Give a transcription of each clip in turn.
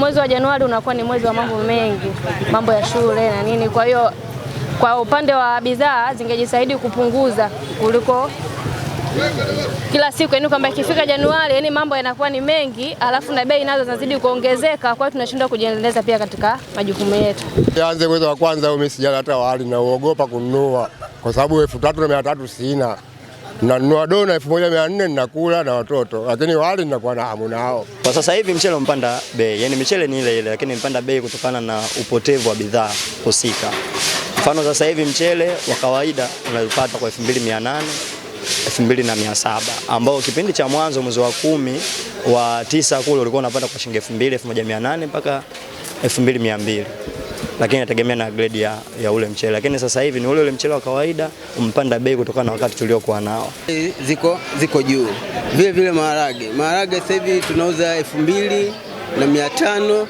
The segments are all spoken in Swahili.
Mwezi wa Januari unakuwa ni mwezi wa mambo mengi, mambo ya shule na nini. Kwa hiyo kwa upande wa bidhaa zingejisaidi kupunguza kuliko kila siku, yani kwamba ikifika Januari, yani mambo yanakuwa ni mengi, alafu na bei nazo zinazidi kuongezeka, kwa hiyo tunashindwa kujiendeleza pia katika majukumu yetu. Anze mwezi wa kwanza, mimi sijala hata wali na uogopa kununua kwa sababu elfu tatu na mia tatu sina nanunua dona elfu moja mia nne ninakula na watoto, lakini wali ninakuwa na hamu nao. Kwa sasa hivi mchele umepanda bei, yani mchele ni ile ile, lakini imepanda bei kutokana na upotevu wa bidhaa husika. Mfano, sasa hivi mchele wa kawaida unaupata kwa 2800 2700 ambao kipindi cha mwanzo mwezi wa kumi wa tisa kule ulikuwa unapata kwa shilingi 2000 mpaka 2200 lakini inategemea na grade ya, ya ule mchele. Lakini sasa hivi ni ule ule mchele wa kawaida umpanda bei kutokana na wakati tuliokuwa nao, ziko ziko juu. Vile vile maharage, maharage sasa hivi tunauza elfu mbili na mia tano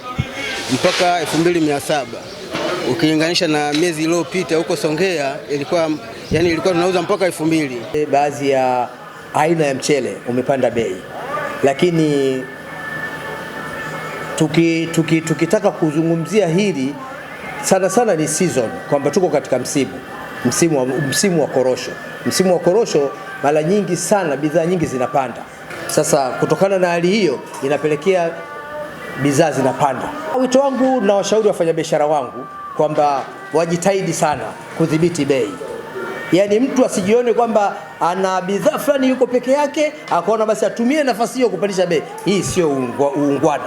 mpaka elfu mbili mia saba ukilinganisha na miezi iliyopita huko Songea ilikuwa yani, ilikuwa tunauza mpaka elfu mbili. Baadhi ya aina ya mchele umepanda bei, lakini tuki, tuki, tukitaka kuzungumzia hili sana sana ni season kwamba tuko katika msimu msimu wa, msimu wa korosho. Msimu wa korosho mara nyingi sana bidhaa nyingi zinapanda. Sasa kutokana na hali hiyo inapelekea bidhaa zinapanda. Wito wangu na washauri wafanyabiashara wangu kwamba wajitahidi sana kudhibiti bei, yaani mtu asijione kwamba ana bidhaa fulani yuko peke yake akaona basi atumie nafasi hiyo kupandisha bei. Hii sio uungwana.